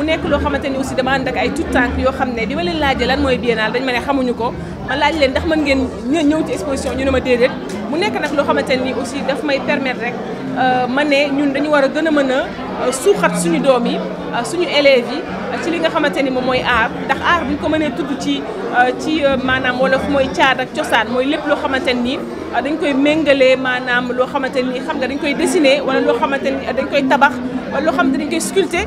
mu nekk loo xamante ni aussi dama ànd ak ay tout tànk yoo xam ne bi ma leen laajee lan mooy biennale dañ ma ne xamuñu ko ma laaj leen ndax mën ngeen ñëw ci exposition ñu ne ma déedéet mu nekk nag loo xamante ni aussi daf may permettre rek ma ne ñun dañu war a gën a mën a suuxat suñu doom yi suñu élèves yi ci li nga xamante ni moom mooy aar ndax aar bu ñu ko mënee tudd ci ci maanaam wolof mooy caad ak cosaan mooy lépp loo xamante ni dañ koy méngale maanaam loo xamante ni xam nga dañ koy dessiner wala loo xamante ni dañ koy tabax wala loo xamante ni dañ koy sculpter